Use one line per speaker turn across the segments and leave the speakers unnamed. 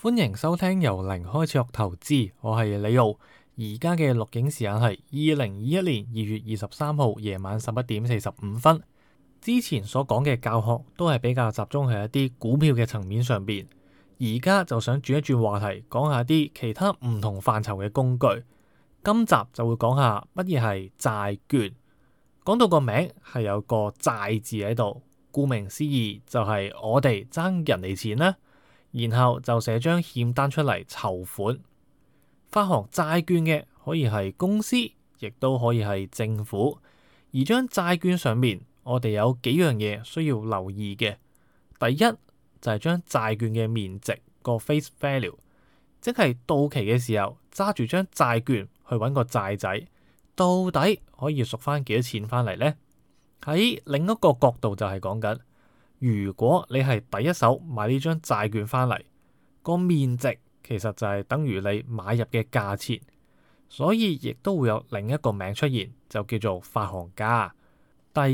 歡迎收聽由零開始學投資，我係李奧。而家嘅錄影時間係二零二一年二月二十三號夜晚十一點四十五分。之前所講嘅教學都係比較集中喺一啲股票嘅層面上面，而家就想轉一轉話題，講下啲其他唔同範疇嘅工具。今集就會講下乜嘢係債券。講到個名係有個債字喺度，顧名思義就係我哋爭人哋錢啦。然後就寫張欠單出嚟籌款，發行債券嘅可以係公司，亦都可以係政府。而將債券上面，我哋有幾樣嘢需要留意嘅。第一就係將債券嘅面值個 face value，即係到期嘅時候揸住張債券去揾個債仔，到底可以贖翻幾多錢翻嚟呢？喺另一個角度就係講緊。如果你係第一手買呢張債券翻嚟，個面值其實就係等於你買入嘅價錢，所以亦都會有另一個名出現，就叫做發行價。第二，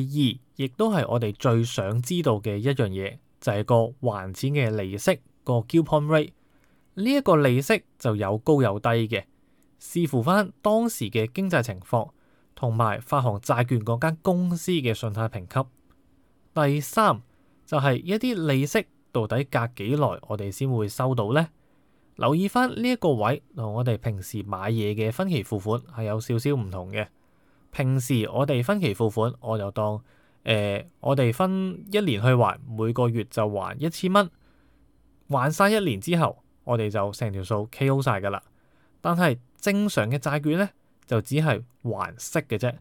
亦都係我哋最想知道嘅一樣嘢，就係、是、個還錢嘅利息個 coupon rate 呢一、這個利息就有高有低嘅，視乎翻當時嘅經濟情況同埋發行債券嗰間公司嘅信貸評級。第三。就係一啲利息，到底隔幾耐我哋先會收到呢？留意翻呢一個位同我哋平時買嘢嘅分期付款係有少少唔同嘅。平時我哋分期付款，我就當誒、呃、我哋分一年去還，每個月就還一千蚊，還晒一年之後，我哋就成條數 KO 曬㗎啦。但係正常嘅債券呢，就只係還息嘅啫。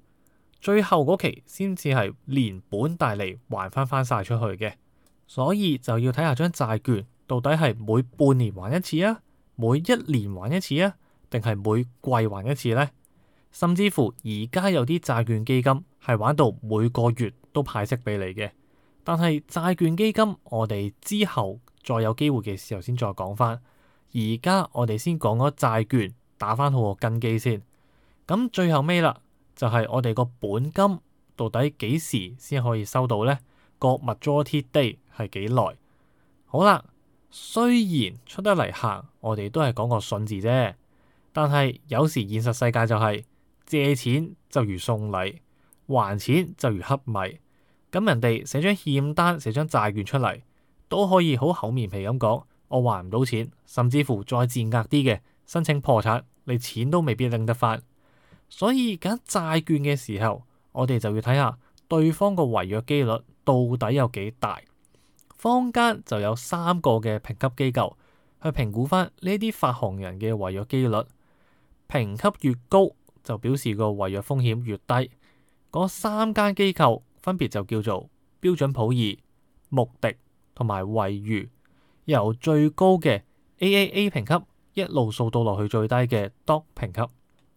最後嗰期先至係連本帶利還翻翻晒出去嘅，所以就要睇下張債券到底係每半年還一次啊，每一年還一次啊，定係每季還一次呢？甚至乎而家有啲債券基金係玩到每個月都派息俾你嘅，但係債券基金我哋之後再有機會嘅時候先再講翻。而家我哋先講嗰債券打翻好個根基先，咁最後尾啦。就係我哋個本金到底幾時先可以收到呢？個 maturity day 係幾耐？好啦，雖然出得嚟行，我哋都係講個信字啫。但係有時現實世界就係、是、借錢就如送禮，還錢就如乞米。咁、嗯、人哋寫張欠單、寫張債券出嚟都可以好厚面皮咁講，我還唔到錢，甚至乎再賤格啲嘅申請破產，你錢都未必拎得返。所以揀債券嘅時候，我哋就要睇下對方個違約機率到底有幾大。坊間就有三個嘅評級機構去評估翻呢啲發行人嘅違約機率，評級越高就表示個違約風險越低。嗰三間機構分別就叫做標準普爾、穆迪同埋惠譽，由最高嘅 AAA 評級一路數到落去最低嘅 Dok 評級。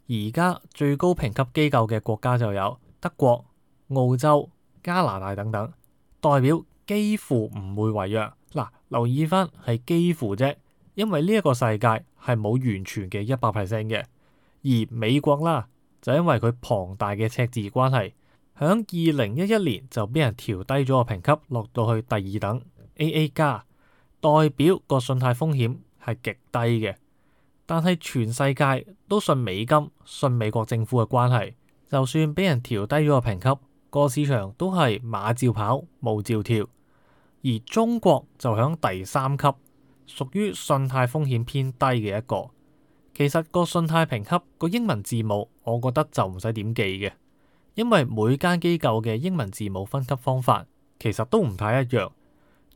而家最高評級機構嘅國家就有德國、澳洲、加拿大等等，代表幾乎唔會違約。嗱、啊，留意翻係幾乎啫，因為呢一個世界係冇完全嘅一百 percent 嘅。而美國啦，就因為佢龐大嘅赤字關係，響二零一一年就俾人調低咗個評級，落到去第二等 AA 加，代表個信貸風險係極低嘅。但係全世界都信美金，信美國政府嘅關係，就算俾人調低咗個評級，個市場都係馬照跑，舞照跳。而中國就響第三級，屬於信貸風險偏低嘅一個。其實個信貸評級個英文字母，我覺得就唔使點記嘅，因為每間機構嘅英文字母分級方法其實都唔太一樣。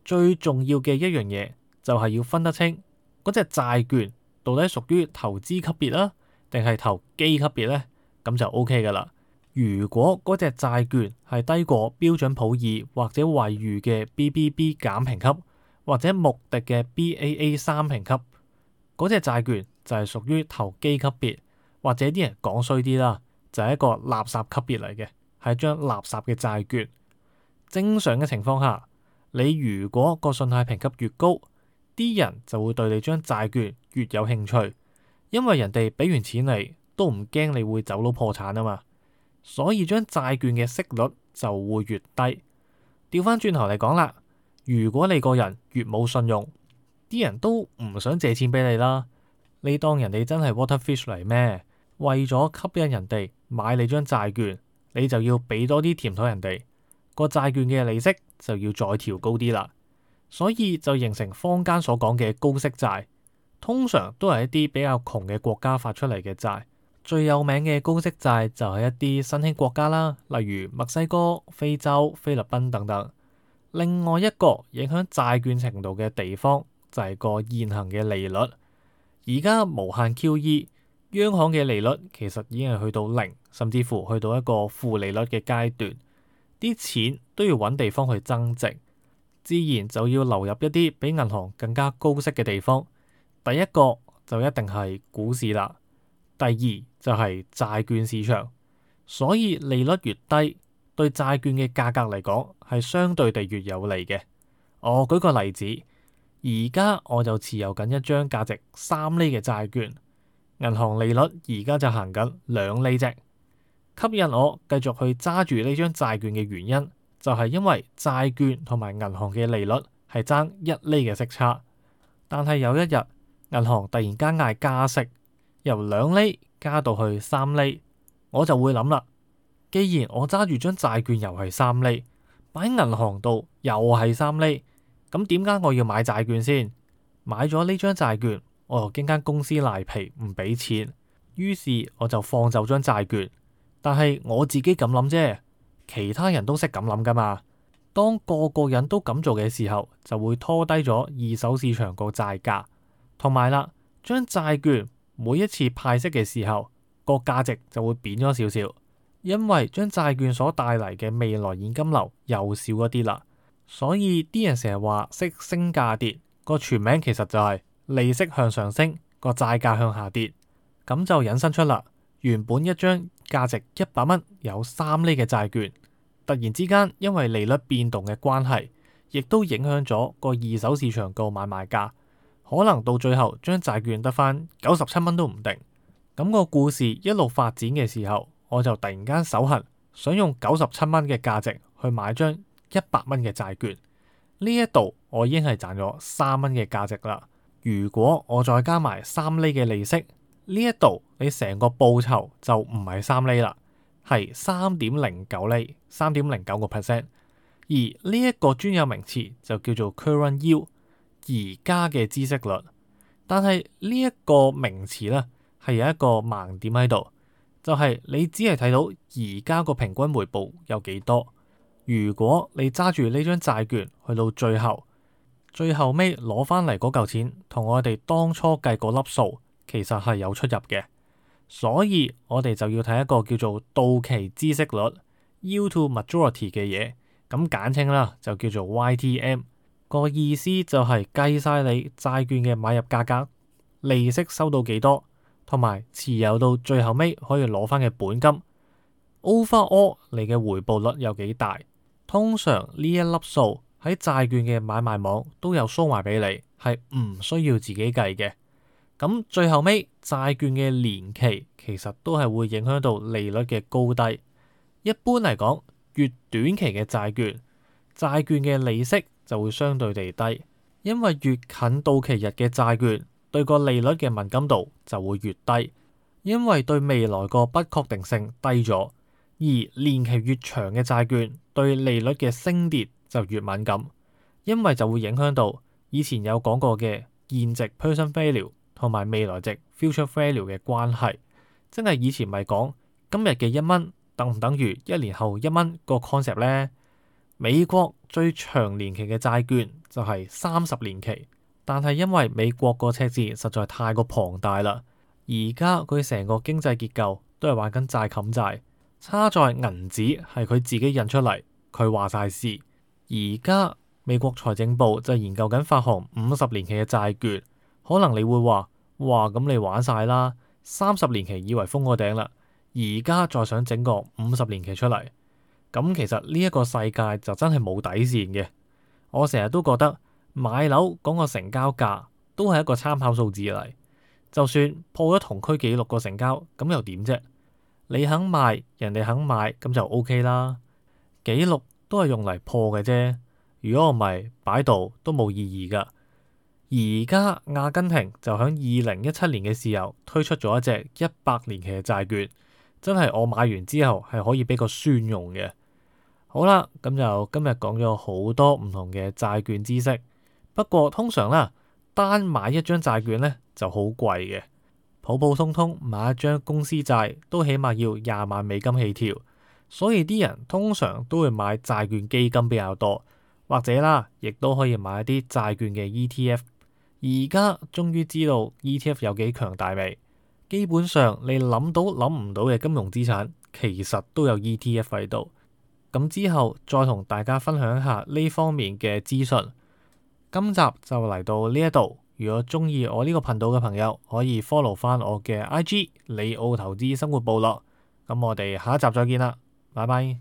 最重要嘅一樣嘢就係要分得清嗰隻債券，到底屬於投資級別啦，定係投機級別咧？咁就 O K 噶啦。如果嗰隻債券係低過標準普爾或者惠譽嘅 B B B 減評級，或者穆迪嘅 B A A 三評級，嗰隻債券就係屬於投機級別，或者啲人講衰啲啦，就係一個垃圾級別嚟嘅，係張垃圾嘅債券。正常嘅情況下，你如果個信貸評級越高，啲人就會對你張債券。越有興趣，因為人哋俾完錢你，都唔驚你會走佬破產啊嘛，所以將債券嘅息率就會越低。調翻轉頭嚟講啦，如果你個人越冇信用，啲人都唔想借錢俾你啦。你當人哋真係 water fish 嚟咩？為咗吸引人哋買你張債券，你就要俾多啲甜頭人哋，個債券嘅利息就要再調高啲啦，所以就形成坊間所講嘅高息債。通常都係一啲比較窮嘅國家發出嚟嘅債，最有名嘅高息債就係一啲新興國家啦，例如墨西哥、非洲、菲律賓等等。另外一個影響債券程度嘅地方就係個現行嘅利率。而家無限 QE，央行嘅利率其實已經係去到零，甚至乎去到一個負利率嘅階段，啲錢都要揾地方去增值，自然就要流入一啲比銀行更加高息嘅地方。第一個就一定係股市啦，第二就係債券市場，所以利率越低，對債券嘅價格嚟講係相對地越有利嘅。我舉個例子，而家我就持有緊一張價值三厘嘅債券，銀行利率而家就行緊兩厘值，吸引我繼續去揸住呢張債券嘅原因就係因為債券同埋銀行嘅利率係爭一厘嘅息差，但係有一日。銀行突然間嗌加息，由兩厘加到去三厘，我就會諗啦。既然我揸住張債券又係三厘，擺銀行度又係三厘，咁點解我要買債券先？買咗呢張債券，我又驚間公司賴皮唔俾錢，於是我就放走張債券。但係我自己咁諗啫，其他人都識咁諗噶嘛。當個個人都咁做嘅時候，就會拖低咗二手市場個債價。同埋啦，將債券每一次派息嘅時候，個價值就會變咗少少，因為將債券所帶嚟嘅未來現金流又少咗啲啦。所以啲人成日話息升價跌，個全名其實就係利息向上升，個債價向下跌。咁就引申出啦，原本一張價值一百蚊有三厘嘅債券，突然之間因為利率變動嘅關係，亦都影響咗個二手市場嘅買賣價。可能到最後將債券得返九十七蚊都唔定，咁個故事一路發展嘅時候，我就突然間手痕，想用九十七蚊嘅價值去買一張一百蚊嘅債券。呢一度我已經係賺咗三蚊嘅價值啦。如果我再加埋三厘嘅利息，呢一度你成個報酬就唔係三厘啦，係三點零九厘，三點零九個 percent。而呢一個專有名詞就叫做 current yield。而家嘅孳息率，但係呢一個名詞呢，係有一個盲點喺度，就係、是、你只係睇到而家個平均回報有幾多。如果你揸住呢張債券去到最後，最後尾攞翻嚟嗰嚿錢，同我哋當初計嗰粒數，其實係有出入嘅。所以我哋就要睇一個叫做到期孳息率 （Yield to Maturity） 嘅嘢，咁簡稱啦就叫做 YTM。個意思就係計晒你債券嘅買入價格、利息收到幾多，同埋持有到最後尾可以攞返嘅本金。Overall, 你嘅回報率有幾大？通常呢一粒數喺債券嘅買賣網都有送埋俾你，係唔需要自己計嘅。咁最後尾債券嘅年期其實都係會影響到利率嘅高低。一般嚟講，越短期嘅債券，債券嘅利息就會相對地低，因為越近到期日嘅債券對個利率嘅敏感度就會越低，因為對未來個不確定性低咗。而年期越長嘅債券對利率嘅升跌就越敏感，因為就會影響到以前有講過嘅現值 present value 同埋未來值 future value 嘅關係。即係以前咪講今日嘅一蚊等唔等於一年後一蚊個 concept 呢？美國最長年期嘅債券就係三十年期，但係因為美國個赤字實在太過龐大啦，而家佢成個經濟結構都係玩緊債冚債，差在銀紙係佢自己印出嚟，佢話晒事。而家美國財政部就研究緊發行五十年期嘅債券，可能你會話，哇，咁你玩晒啦，三十年期以為封個頂啦，而家再想整個五十年期出嚟。咁其實呢一個世界就真係冇底線嘅。我成日都覺得買樓講個成交價都係一個參考數字嚟，就算破咗同區紀錄個成交咁又點啫？你肯賣，人哋肯買咁就 OK 啦。紀錄都係用嚟破嘅啫。如果唔係擺度都冇意義㗎。而家阿根廷就喺二零一七年嘅時候推出咗一隻一百年期嘅債券，真係我買完之後係可以俾個孫用嘅。好啦，咁就今日講咗好多唔同嘅債券知識。不過通常啦，單買一張債券咧就好貴嘅，普普通通買一張公司債都起碼要廿萬美金起跳。所以啲人通常都會買債券基金比較多，或者啦，亦都可以買一啲債券嘅 ETF。而家終於知道 ETF 有幾強大未？基本上你諗到諗唔到嘅金融資產，其實都有 ETF 喺度。咁之後再同大家分享下呢方面嘅資訊。今集就嚟到呢一度，如果鍾意我呢個頻道嘅朋友，可以 follow 翻我嘅 IG 李奧投資生活部落。咁我哋下一集再見啦，拜拜。